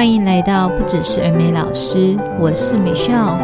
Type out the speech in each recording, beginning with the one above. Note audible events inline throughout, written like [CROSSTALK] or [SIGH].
歡迎來到不只是兒美老師，我是 Michelle。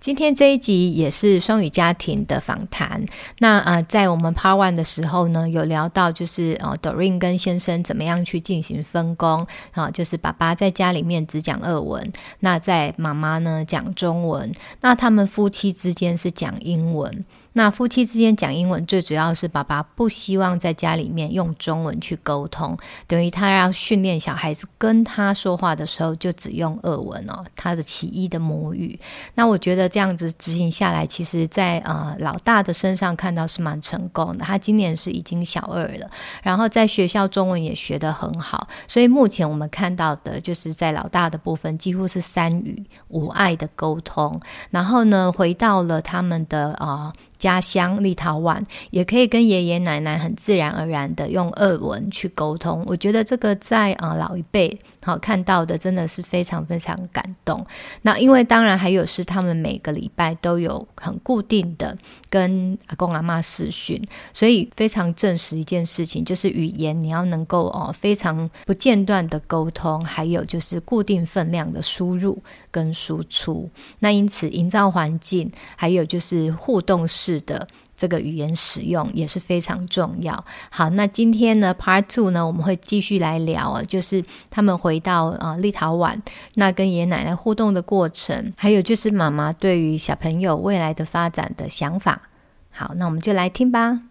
今天這一集也是雙語家庭的訪談。那啊、呃，在我們 Part One 的時候呢，有聊到就是、呃、Doreen 跟先生怎麼樣去進行分工啊、呃，就是爸爸在家裡面只講俄文，那在媽媽呢講中文，那他們夫妻之間是講英文。那夫妻之間講英文，最主要是爸爸不希望在家裡面用中文去溝通，等於他要訓練小孩子跟他說話的時候就只用二文哦，他的其一的母語。那我覺得這樣子執行下來，其實在，在呃老大的身上看到是蠻成功的。他今年是已經小二了，然後在學校中文也學得很好，所以目前我們看到的就是在老大的部分幾乎是三語無礙的溝通，然後呢，回到了他們的啊。呃家鄉立陶宛也可以跟爺爺奶奶很自然而然的用俄文去溝通，我覺得這個在啊、呃、老一輩。好，看到的真的是非常非常感動。那因為當然還有是他們每個禮拜都有很固定的跟阿公阿媽視訊，所以非常證實一件事情，就是語言你要能夠哦非常不間斷的溝通，還有就是固定分量的輸入跟輸出。那因此營造環境，還有就是互動式的。這個語言使用也是非常重要。好，那今天呢，Part Two 呢，我們會繼續來聊啊，就是他們回到啊、呃、立陶宛，那跟爺爺奶奶互動的過程，還有就是媽媽對於小朋友未來的發展的想法。好，那我們就來聽吧。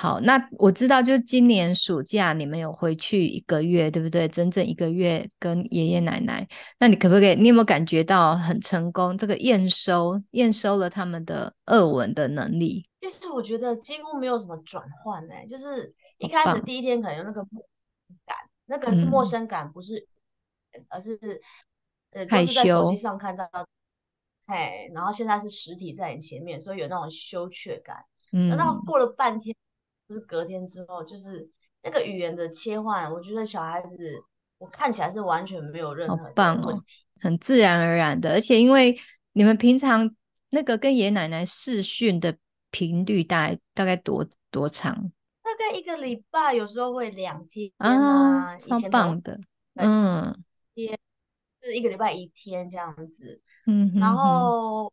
好，那我知道，就是今年暑假你們有回去一個月，對不對？整整一個月跟爺爺奶奶，那你可不可以？你有沒有感覺到很成功？這個驗收驗收了他們的俄文的能力？其實我覺得幾乎沒有什麼轉換呢、欸，就是一開始第一天可能有那個感，棒那個是陌生感，嗯、不是，而是呃，害羞都是在手機上看到的，哎，然後現在是實體在你前面，所以有那種羞怯感。等到、嗯、過了半天。就是隔天之後，就是那個語言的切換，我覺得小孩子我看起來是完全沒有任何的問題。很棒哦，很自然而然的。而且因為你們平常那個跟爺爺奶奶視訊的頻率大概大概多多長？大概一個禮拜，有時候會兩天啊，啊，超棒的，嗯，天嗯是一個禮拜一天這樣子，嗯哼哼，然後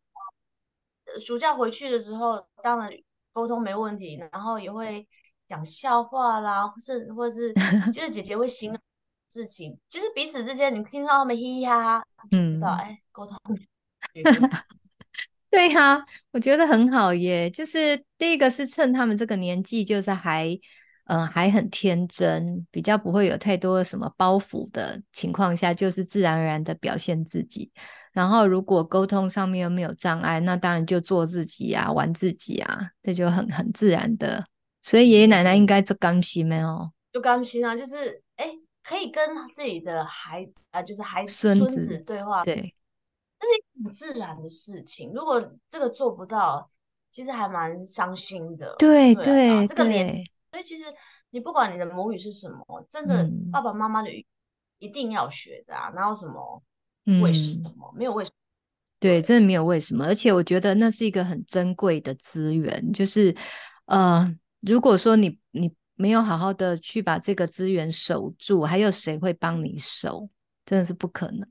暑假回去的時候，當然。溝通沒問題，然後也會講笑話啦，或是或是，就是姐姐會形容事情， [LAUGHS] 就是彼此之間，你聽到他們呀、啊，嘻嘻哈哈，就知道哎，溝、嗯欸、通。 [LAUGHS] 對呀、啊，我覺得很好耶。就是第一個是趁他們這個年紀，就是還嗯、呃、還很天真，比較不會有太多什麼包袱的情況下，就是自然而然的表現自己。然後，如果溝通上面又沒有障礙，那當然就做自己啊，玩自己啊，這就很很自然的。所以爺爺奶奶應該就甘心沒有、哦，就甘心啊，就是哎、欸，可以跟自己的孩啊，就是孩孫子，子，子對話，對，那是很自然的事情。如果這個做不到，其實還蠻傷心的。對對，對啊、對這個連，對、所以其實你不管你的母語是什麼，真的爸爸媽媽的語、嗯、一定要學的啊。然後什麼？為什麼？沒有為什麼、嗯？對，真的沒有為什麼。而且我覺得那是一個很珍貴的資源，就是呃，嗯、如果說你你沒有好好的去把這個資源守住，還有誰會幫你守？真的是不可能。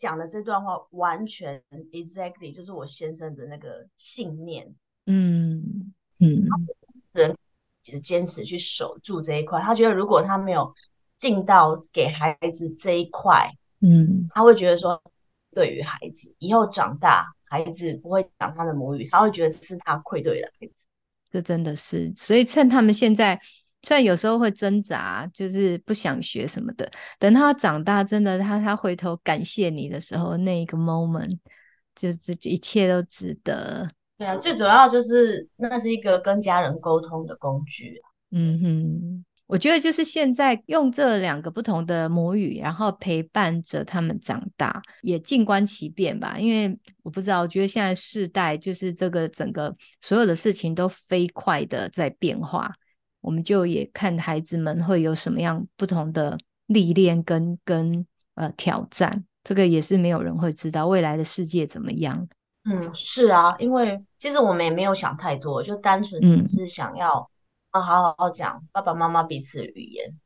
剛講的這段話，完全 exactly 就是我先生的那個信念。嗯嗯，嗯他人堅持去守住這一塊，他覺得如果他沒有盡到給孩子這一塊。嗯，他會覺得說，對於孩子以後長大，孩子不會講他的母語，他會覺得是他愧對的孩子，這真的是。所以趁他們現在，雖然有時候會掙扎，就是不想學什麼的，等他長大，真的他他回頭感謝你的時候，那一個 moment，就是一切都值得。對啊，最主要就是那是一個跟家人溝通的工具啊。嗯哼。我覺得就是現在用這兩個不同的母語，然後陪伴着他們長大，也靜觀其變吧。因為我不知道，我覺得現在世代就是這個整個所有的事情都飛快的在變化，我們就也看孩子們會有什麼樣不同的歷練跟跟呃挑戰。這個也是沒有人會知道未來的世界怎麼樣。嗯，是啊，因為其實我們也沒有想太多，就單純只是想要，嗯。好好好講爸爸媽媽彼此語言，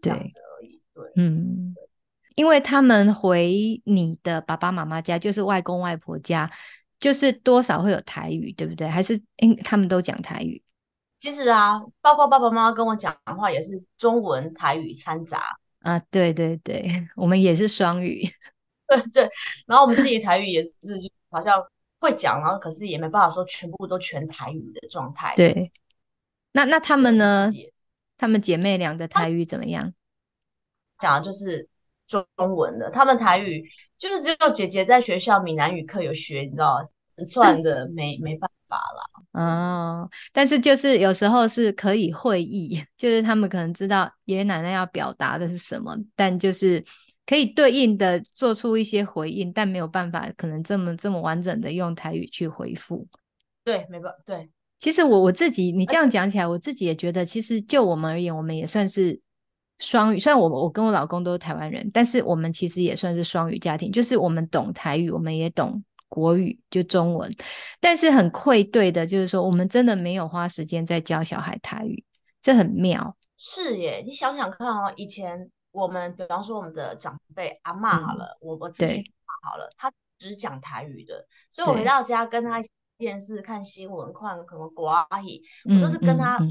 對、就是、而已。對對嗯，對因為他們回你的爸爸媽媽家，就是外公外婆家，就是多少會有台語，對不對？還是因、欸、他們都講台語。其實啊，包括爸爸媽媽跟我講的話也是中文台語摻雜啊。對對對，我們也是雙語。對 [LAUGHS] 對，然後我們自己台語也是好像會講，然後可是也沒辦法說全部都全台語的狀態。對。那那他們呢？嗯、他們姐妹倆的台語怎麼樣？講的就是中中文的。他們台語就是只有姐姐在學校閩南語課有學，你知道，串的沒 [LAUGHS] 沒辦法啦。哦，但是就是有時候是可以會意，就是他們可能知道爺爺奶奶要表達的是什麼，但就是可以對應的做出一些回應，但沒有辦法可能這麼這麼完整的用台語去回復。對，沒辦法，對。其實我我自己，你這樣講起來，我自己也覺得，其實就我們而言，我們也算是雙語。雖然我我跟我老公都是台灣人，但是我們其實也算是雙語家庭，就是我們懂台語，我們也懂國語，就中文。但是很愧對的，就是說我們真的沒有花時間在教小孩台語，這很妙。是耶，你想想看哦，以前我們，比方說我們的長輩阿嬤好了，嗯，我我自己的媽好了，他只講台語的，所以我回到家跟他一起。電視看新聞看什麼瓜？嘿，嗯、我都是跟他百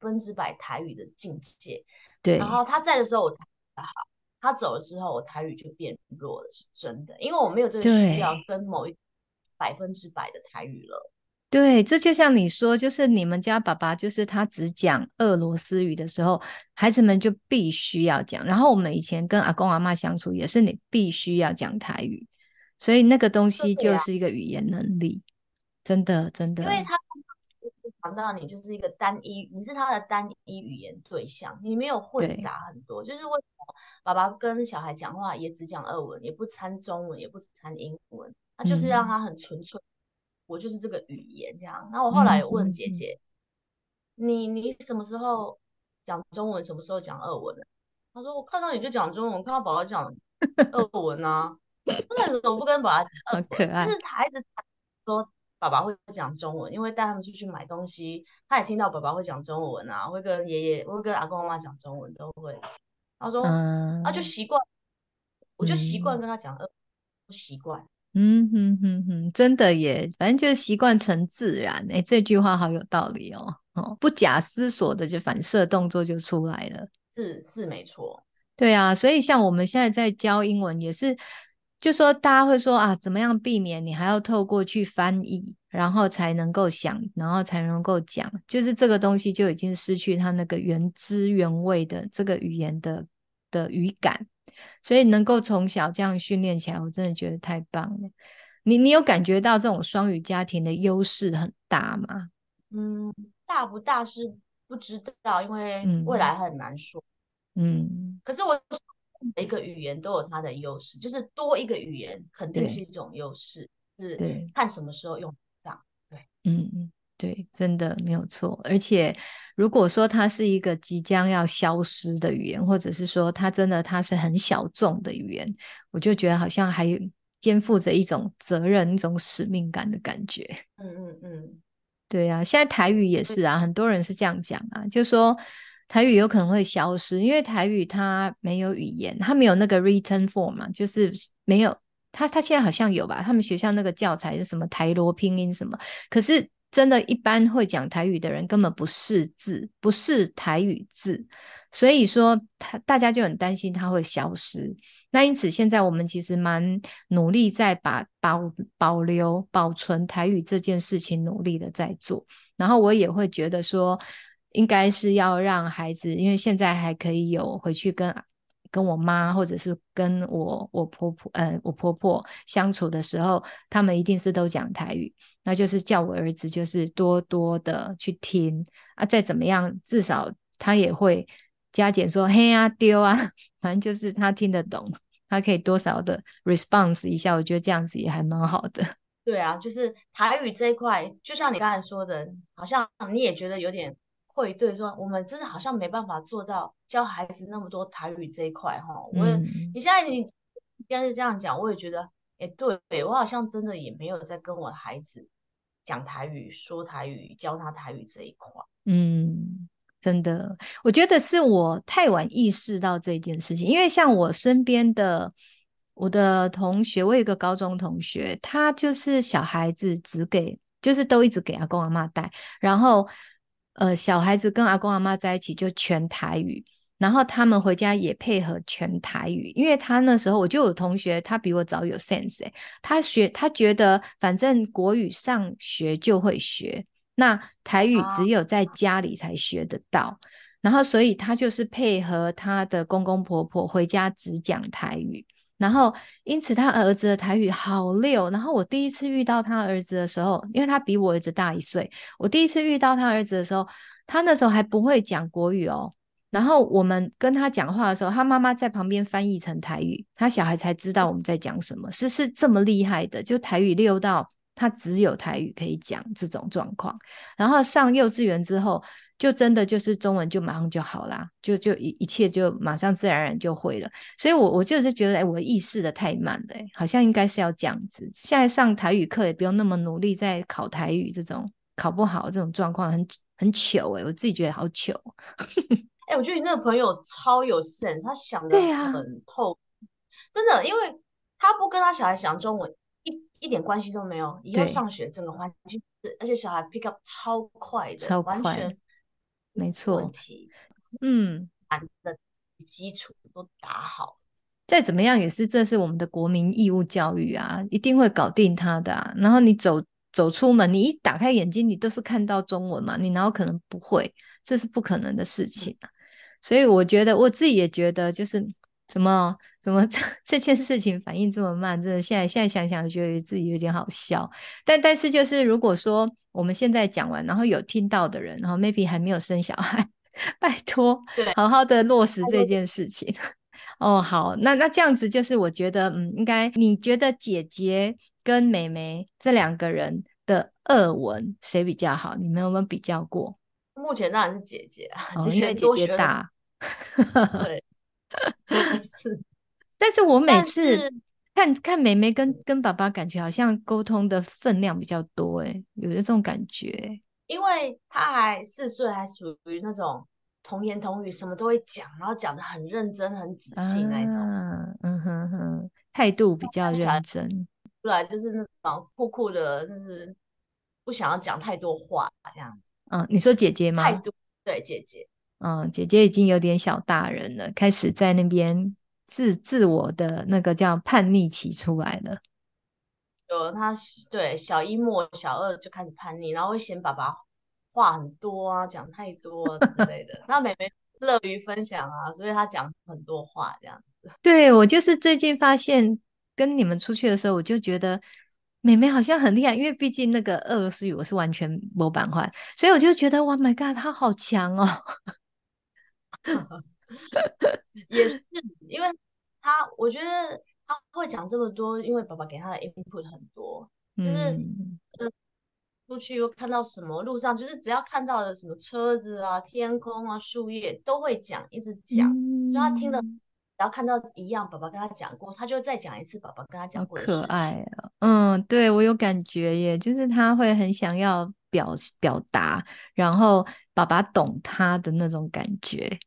分之百台語的境界。對、嗯，嗯、然後他在的時候，我台語好，他走了之後，我台語就變弱了，是真的，因為我沒有這個需要跟某一百分之百的台語了。對，這就像你說，就是你們家爸爸，就是他只講俄羅斯語的時候，孩子們就必須要講。然後我們以前跟阿公阿媽相處，也是你必須要講台語。所以那個東西就是一個語言能力，真的、啊、真的，真的。因為他講到你就是一個單一，你是他的單一語言對象，你沒有混雜很多。對就是為什麼爸爸跟小孩講話也只講二文，也不摻中文，也不只摻英文，他就是讓他很純粹，嗯、我就是這個語言這樣。那我後來問姐姐，嗯嗯嗯你你什麼時候講中文，什麼時候講二文呢？她說我看到你就講中文，我看到寶寶講二文啊。 [LAUGHS] 根本都不跟爸爸講，就、呃、是他一直說爸爸會講中文，因為帶他們出去買東西，他也聽到爸爸會講中文啊，會跟爺爺、會跟阿公、阿嬤講中文都會。他說、嗯、啊，就習慣，我就習慣跟他講呃，不、嗯、習慣。嗯哼哼哼，真的耶，反正就是習慣成自然。哎、欸，這句話好有道理哦，哦，不假思索的就反射動作就出來了，是是沒錯。對啊，所以像我們現在在教英文也是。就說大家會說啊，怎麼樣避免，你還要透過去翻譯，然後才能夠想，然後才能夠講，就是這個東西就已經失去它那個原汁原味的這個語言的的語感。所以能夠從小這樣訓練起來，我真的覺得太棒了你。你你有感覺到這種雙語家庭的優勢很大嗎？嗯，大不大是不知道，因為未來很難說。嗯，可是我。每一個語言都有它的優勢，就是多一個語言肯定是一種優勢，對是看什麼時候用得上。對，嗯嗯，對，真的沒有錯。而且如果說它是一個即將要消失的語言，或者是說它真的它是很小眾的語言，我就覺得好像還肩負着一種責任、一種使命感的感覺。嗯嗯嗯，嗯嗯對啊，現在台語也是啊，很多人是這樣講啊，嗯、就說。台語有可能會消失，因為台語它沒有語言，它沒有那個 written form 嘛，就是沒有。它它現在好像有吧？他們學校那個教材是什麼台羅拼音什麼？可是真的，一般會講台語的人根本不識字，不是台語字，所以說他，大家就很擔心它會消失。那因此現在我們其實蠻努力在把保保留保存台語這件事情努力的在做，然後我也會覺得說。應該是要讓孩子，因為現在還可以有回去跟跟我媽或者是跟我我婆婆嗯、呃，我婆婆相處的時候，他們一定是都講台語，那就是叫我兒子就是多多的去聽啊，再怎麼樣至少他也會加減說嘿啊丟啊，反正就是他聽得懂，他可以多少的 response 一下，我覺得這樣子也還蠻好的。對啊，就是台語這一塊，就像你剛才說的，好像你也覺得有點。會對說，我們真的好像沒辦法做到教孩子那麼多台語這一塊哈。嗯、我也你現在你這是這樣講，我也覺得，哎、欸，對，我好像真的也沒有在跟我孩子講台語、說台語、教他台語這一塊。嗯，真的，我覺得是我太晚意識到這件事情，因為像我身邊的我的同學，我有一個高中同學，他就是小孩子只給，就是都一直給阿公阿媽帶，然後。呃，小孩子跟阿公阿媽在一起就全台語，然後他們回家也配合全台語。因為他那時候，我就有同學，他比我早有 sense 欸，他學，他覺得反正國語上學就會學，那台語只有在家裡才學得到，然後所以他就是配合他的公公婆婆回家只講台語。然後，因此他兒子的台語好溜。然後我第一次遇到他兒子的時候，因為他比我兒子大一歲，我第一次遇到他兒子的時候，他那時候還不會講國語哦。然後我們跟他講話的時候，他媽媽在旁邊翻譯成台語，他小孩才知道我們在講什麼。是是這麼厲害的，就台語溜到他只有台語可以講這種狀況。然後上幼稚園之後。就真的就是中文就馬上就好啦。就就一一切就馬上自然而然就會了。所以我，我我就是覺得，哎、欸，我的意識的太慢了、欸，好像應該是要這樣子。現在上台語課也不用那麼努力，在考台語這種考不好這種狀況很很糗哎、欸，我自己覺得好糗。哎、 [LAUGHS] 欸，我覺得你那個朋友超有 sense，他想得很透，對啊、真的，因為他不跟他小孩講中文一一點關係都沒有，因為對上學這個環境，而且小孩 pick up 超快的，超快完全。沒錯，嗯，反正基礎都打好，再怎麼樣也是，這是我們的國民義務教育啊，一定會搞定它的啊。然後你走走出門，你一打開眼睛，你都是看到中文嘛，你哪有可能不會？這是不可能的事情啊。所以我覺得我自己也覺得，就是怎麼怎麼這這件事情反應這麼慢，真的，現在現在想想，覺得自己有點好笑。但但是就是如果說。我們現在講完，然後有聽到的人，然後 maybe 還沒有生小孩，拜託，對，好好的落實這件事情。哦，好，那那這樣子就是，我覺得，嗯，應該，你覺得姐姐跟妹妹這兩個人的俄文誰比較好？你們有沒有比較過？目前當然是姐姐啊，哦、姐姐因為姐姐大。 [LAUGHS] 對，是，但是我每次。看看妹妹跟跟爸爸，感覺好像溝通的分量比較多，哎，有這種感覺。因為他還四歲，還屬於那種童言童語，什麼都會講，然後講的很認真、很仔細那種。啊，嗯哼哼，態度比較認真，不然就是那種酷酷的，就是不想要講太多話這樣。嗯，你說姐姐嗎？態度對姐姐。嗯，姐姐已經有點小大人了，開始在那邊。自自我的那個叫叛逆期出來了，有他，對小一末小二就開始叛逆，然後會嫌爸爸話很多啊，講太多之、啊、 [LAUGHS] 類的。那妹妹樂於分享啊，所以她講很多話這樣子。對，我就是最近發現跟你們出去的時候，我就覺得妹妹好像很厲害，因為畢竟那個俄羅斯語我是完全沒辦法，所以我就覺得哇 my god，她好強哦！ [LAUGHS] [LAUGHS] [LAUGHS] 也是，因為他，我覺得他會講這麼多，因為爸爸給他的 input 很多，就是、嗯、出去又看到什麼路上，就是只要看到了什麼車子啊、天空啊、樹葉都會講，一直講。嗯、所以他聽了，只要看到一樣，爸爸跟他講過，他就再講一次。爸爸跟他講過，可愛啊，嗯，對，我有感覺耶，就是他會很想要表表達，然後爸爸懂他的那種感覺。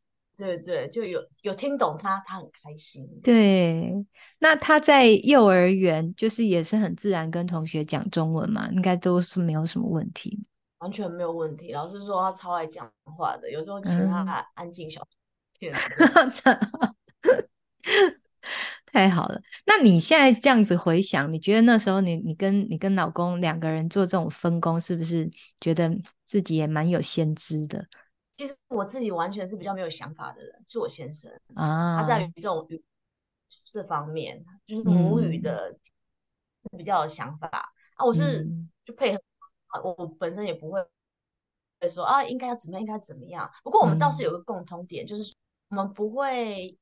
對對，就有有聽懂他，他很開心。對，那他在幼兒園就是也是很自然跟同學講中文嘛，應該都是沒有什麼問題。完全沒有問題，老師說他超愛講話的，有時候其他安靜小天。太好了，那你現在這樣子回想，你覺得那時候你你跟你跟老公兩個人做這種分工，是不是覺得自己也蠻有先知的？其實我自己完全是比較沒有想法的人，是我先生啊，他在於這種語這方面就是母語的、嗯、比較有想法啊，我是就配合，我、嗯、我本身也不會說啊，應該要怎麼樣應該怎麼樣。不過我們倒是有個共同點，嗯、就是我們不會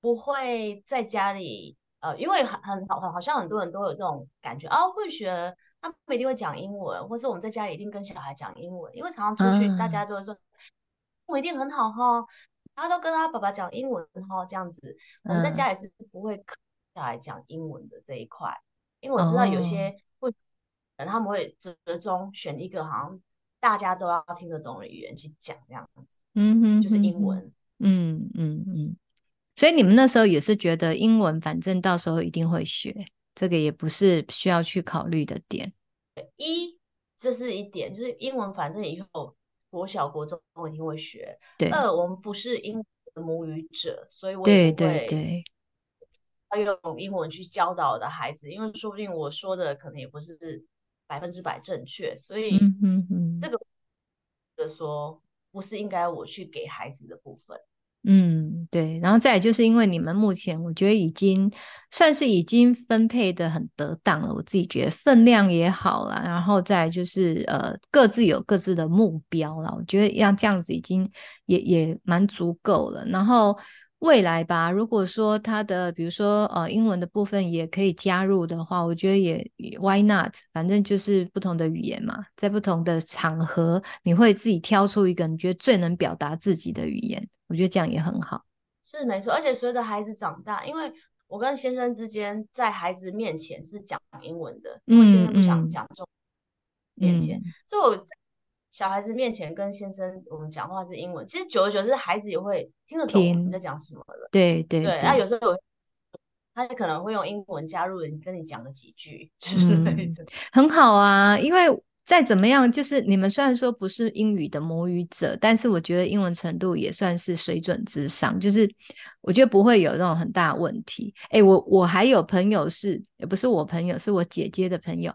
不會在家裡呃，因為很很好好像很多人都有這種感覺，哦、啊，我會學，他不一定會講英文，或是我們在家裡一定跟小孩講英文，因為常常出去、嗯、大家都會說。我一定很好哈、哦，他都跟他爸爸講英文哈、哦，這樣子，我們在家裡是不會刻下來講英文的這一塊，因為我知道有些會，哦、他們會折中選一個好像大家都要聽得懂的語言去講這樣子，嗯哼，哼，就是英文，嗯嗯嗯，所以你們那時候也是覺得英文反正到時候一定會學，這個也不是需要去考慮的點，一，這、就是一點，就是英文反正以後。國小、國中我一定會學。對，呃，我們不是英文的母語者，所以我也不會要用英文去教導我的孩子，因為說不定我說的可能也不是百分之百正確，所以嗯嗯，這個的說不是應該我去給孩子的部分。嗯，對，然後再就是因為你們目前，我覺得已經算是已經分配得很得當了。我自己覺得分量也好了，然後再就是呃各自有各自的目標了。我覺得要這樣子已經也也蠻足夠了。然後。未來吧，如果說他的，比如說，呃，英文的部分也可以加入的話，我覺得也,也 why not？反正就是不同的語言嘛，在不同的場合，你會自己挑出一個你覺得最能表達自己的語言，我覺得這樣也很好。是沒錯，而且隨着孩子長大，因為我跟先生之間在孩子面前是講英文的，嗯，現在不想講中文，嗯、面前，嗯、所以。小孩子面前跟先生我們講話是英文，其實久而久之，孩子也會聽得懂我在講什麼了。對對對，對，他有時候他也可能會用英文加入跟你講了幾句，嗯，很好啊。因為再怎麼樣，就是你們雖然說不是英語的母語者，但是我覺得英文程度也算是水準之上，就是我覺得不會有那種很大問題。哎，我我還有朋友是也不是我朋友，是我姐姐的朋友，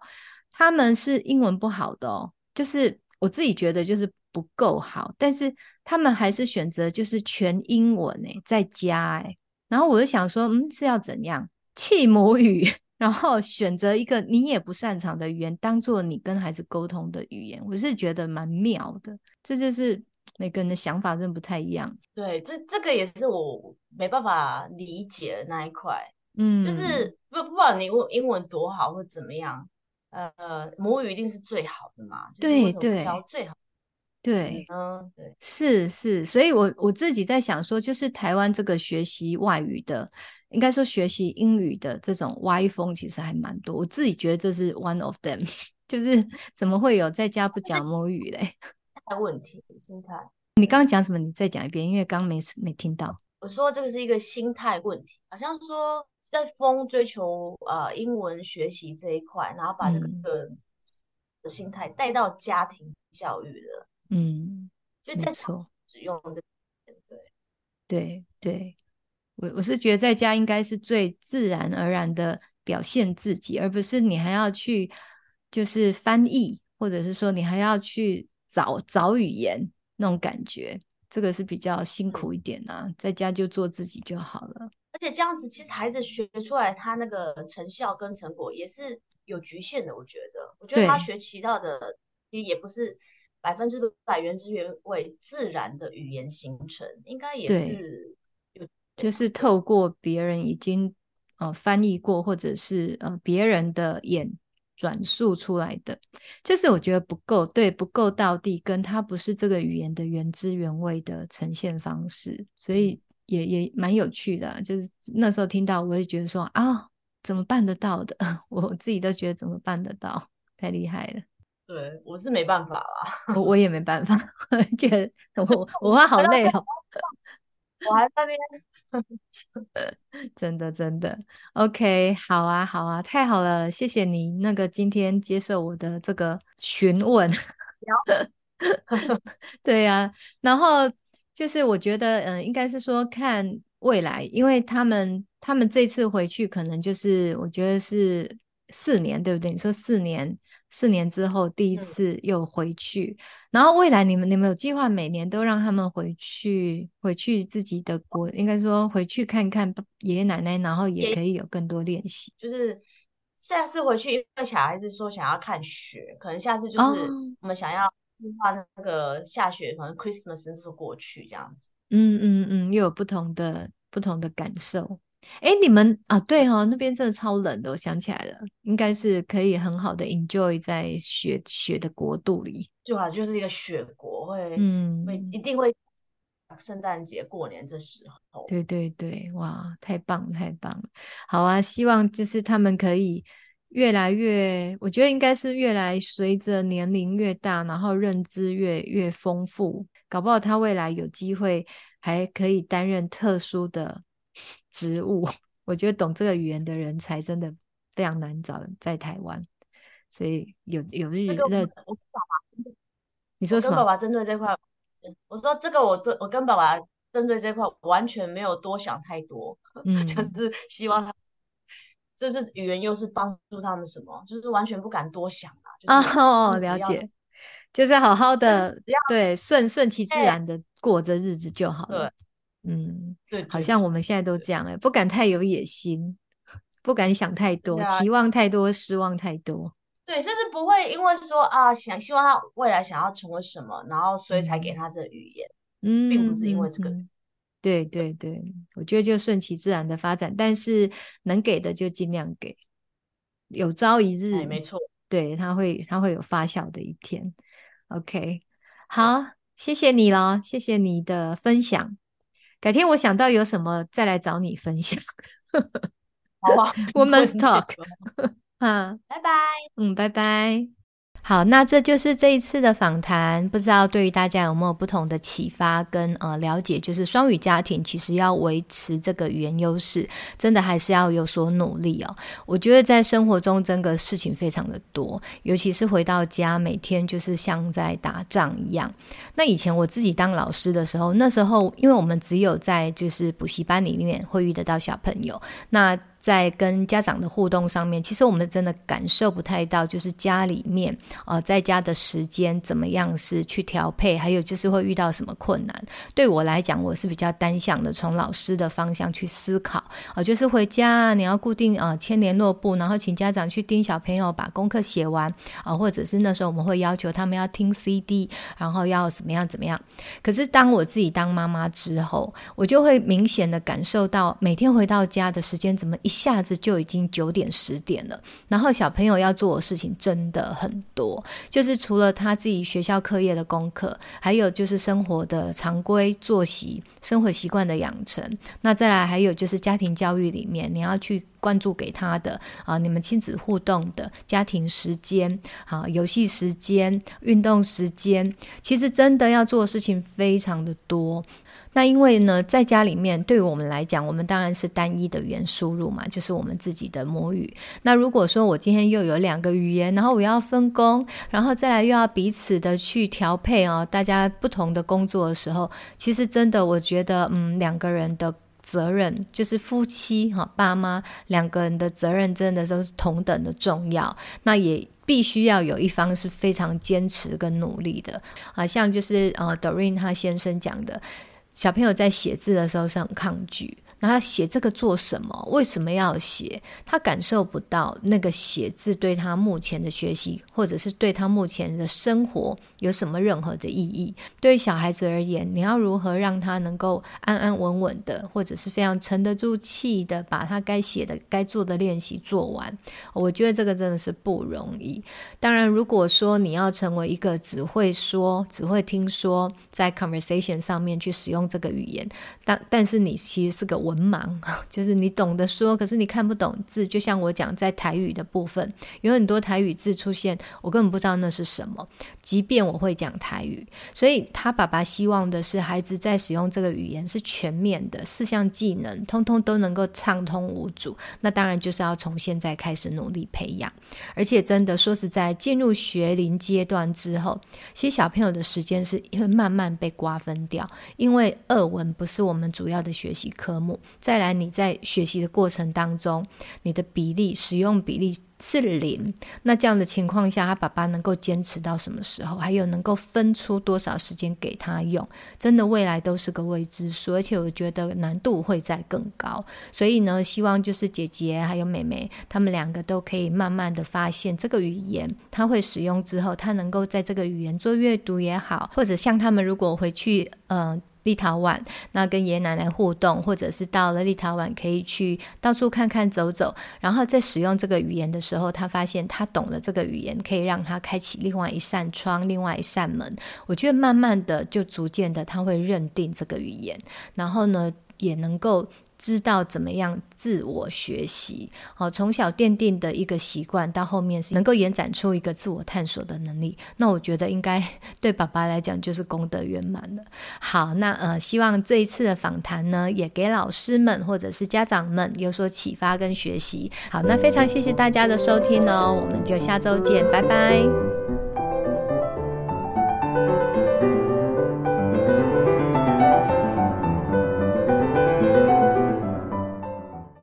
他們是英文不好的，哦，就是。我自己覺得就是不夠好，但是他們還是選擇就是全英文呢、欸，在家哎、欸，然後我就想說，嗯，是要怎樣棄母語，然後選擇一個你也不擅長的語言當做你跟孩子溝通的語言，我是覺得蠻妙的。這就是每個人的想法真的不太一樣。對，這這個也是我沒辦法理解的那一塊。嗯，就是不不管你英文多好或怎麼樣。呃呃，母語一定是最好的嘛？對對，最好對。對，嗯，對，是是，所以我我自己在想說，就是台灣這個學習外語的，應該說學習英語的這種歪風，其實還蠻多。我自己覺得這是 one of them，、嗯、 [LAUGHS] 就是怎麼會有在家不講母語嘞？問題心態。你剛剛講什麼？你再講一遍，因為剛剛沒沒聽到。我說這個是一個心態問題，好像說。在風追求啊、呃、英文學習這一塊，然後把這個的心態帶到家庭教育了，嗯，就沒錯，只用對對對。我我是覺得在家應該是最自然而然的表現自己，而不是你還要去就是翻譯，或者是說你還要去找找語言那種感覺，這個是比較辛苦一點啊，嗯、在家就做自己就好了。而且這樣子，其實孩子學出來，他那個成效跟成果也是有侷限的。我覺得，我覺得他學習到的，也不是百分之百原汁原味、自然的語言形成，應該也是有侷限的，就是透過別人已經、呃、翻譯過，或者是呃別人的眼轉述出來的，就是我覺得不夠，對，不夠道地，跟他不是這個語言的原汁原味的呈現方式，所以。也也蠻有趣的、啊，就是那時候聽到，我也覺得說啊、哦，怎麼辦得到的？我自己都覺得怎麼辦得到，太厲害了。對，我是沒辦法啦我，我也沒辦法，我覺得我 [LAUGHS] 我，我好累哦、喔。我還在那邊， [LAUGHS] 真的真的，OK，好啊好啊，太好了，謝謝你那個今天接受我的這個詢問。 [LAUGHS] 對呀、啊，然後。就是我覺得，嗯、呃，應該是說看未來，因為他們他們這次回去可能就是，我覺得是四年，對不對？你說四年，四年之後第一次又回去，嗯、然後未來你們你們有計劃每年都讓他們回去回去自己的國，應該說回去看看爺爺奶奶，然後也可以有更多練習。就是下次回去，因為小孩子說想要看雪，可能下次就是我們想要、哦。的話那個下雪，反正 Christmas 是過去這樣子。嗯嗯嗯，又有不同的不同的感受。哎，你們啊，對啊、哦，那邊真的超冷的。我想起來了，應該是可以很好的 enjoy 在雪雪的國度裡，就好就是一個雪國會，嗯，會一定會聖誕節過年這時候。對對對，哇，太棒了，太棒了。好啊，希望就是他們可以。越來越，我覺得應該是越來隨着年齡越大，然後認知越越豐富，搞不好他未來有機會還可以擔任特殊的職務。我覺得懂這個語言的人才真的非常難找，在台灣，所以有有人，這個我，我跟爸爸，你說什麼？跟爸爸針對這塊，我說這個我對，我跟爸爸針對這塊完全沒有多想太多，嗯、 [LAUGHS] 就是希望他。這是語言又是幫助他們什麼？就是完全不敢多想啊！哦，了解，就是好好的對順順其自然的過着日子就好了。嗯，對，好像我們現在都這樣哎，不敢太有野心，不敢想太多，期望太多，失望太多。對，就是不會因為說啊想希望他未來想要成為什麼，然後所以才給他這語言，嗯，並不是因為這個。對對對，我覺得就順其自然的發展，但是能給的就盡量給，有朝一日、哎、沒錯，對它會它會有發酵的一天。OK，好，啊、謝謝你了，謝謝你的分享，改天我想到有什麼再來找你分享，好吧？Women's Talk，嗯，拜拜，嗯，拜拜。好，那這就是這一次的訪談。不知道對於大家有沒有不同的啟發跟呃了解？就是雙語家庭其實要維持這個語言優勢，真的還是要有所努力哦。我覺得在生活中，真的事情非常的多，尤其是回到家，每天就是像在打仗一樣。那以前我自己當老師的時候，那時候因為我們只有在就是補習班裡面會遇得到小朋友，那。在跟家長的互動上面，其實我們真的感受不太到，就是家裡面呃，在家的時間怎麼樣是去調配，還有就是會遇到什麼困難。對我來講，我是比較單向的，從老師的方向去思考，啊、呃，就是回家你要固定啊、呃，簽聯絡簿，然後請家長去盯小朋友把功課寫完啊、呃，或者是那時候我們會要求他們要聽 CD，然後要怎麼樣怎麼樣。可是當我自己當媽媽之後，我就會明顯的感受到，每天回到家的時間怎麼一。一下子就已經九點十點了，然後小朋友要做的事情真的很多，就是除了他自己學校課業的功課，還有就是生活的常規作息、生活習慣的養成，那再來還有就是家庭教育裡面你要去關注給他的啊，你們親子互動的家庭時間、啊、遊戲時間、運動時間，其實真的要做的事情非常的多。那因為呢，在家裡面，對我們來講，我們當然是單一的語言輸入嘛，就是我們自己的母語。那如果說我今天又有兩個語言，然後我要分工，然後再來又要彼此的去調配哦，大家不同的工作的時候，其實真的，我覺得，嗯，兩個人的責任就是夫妻哈、哦，爸媽兩個人的責任，真的都是同等的重要。那也必須要有一方是非常堅持跟努力的啊，像就是呃，Doreen 他先生講的。小朋友在寫字的時候是很抗拒。那他寫這個做什麼？為什麼要寫？他感受不到那個寫字對他目前的學習，或者是對他目前的生活有什麼任何的意義？對於小孩子而言，你要如何讓他能夠安安穩穩的，或者是非常沉得住氣的，把他該寫的、該做的練習做完？我覺得這個真的是不容易。當然，如果說你要成為一個只會說、只會聽說，在 conversation 上面去使用這個語言，但但是你其實是個文文盲就是你懂得說，可是你看不懂字。就像我講，在台語的部分有很多台語字出現，我根本不知道那是什麼。即便我會講台語，所以他爸爸希望的是孩子在使用這個語言是全面的，四項技能通通都能夠暢通無阻。那當然就是要從現在開始努力培養。而且真的說實在，進入學齡階段之後，其實小朋友的時間是會慢慢被瓜分掉，因為二文不是我們主要的學習科目。再來，你在學習的過程當中，你的比例使用比例是零，那這樣的情況下，他爸爸能夠堅持到什麼時候？還有能夠分出多少時間給他用？真的未來都是個未知數，而且我覺得難度會再更高。所以呢，希望就是姐姐還有妹妹，他們兩個都可以慢慢的發現這個語言，他會使用之後，他能夠在這個語言做閱讀也好，或者像他們如果回去，嗯、呃。立陶宛，那跟爺爺奶奶互動，或者是到了立陶宛可以去到處看看走走，然後在使用這個語言的時候，他發現他懂了這個語言，可以讓他開啟另外一扇窗、另外一扇門。我覺得慢慢的就逐漸的他會認定這個語言，然後呢也能夠知道怎麼樣自我學習，好，從小奠定的一個習慣，到後面是能夠延展出一個自我探索的能力。那我覺得應該對爸爸來講就是功德圓滿了。好，那呃希望這一次的訪談呢，也給老師們或者是家長們有所啟發跟學習。好，那非常謝謝大家的收聽哦，我們就下周見，拜拜。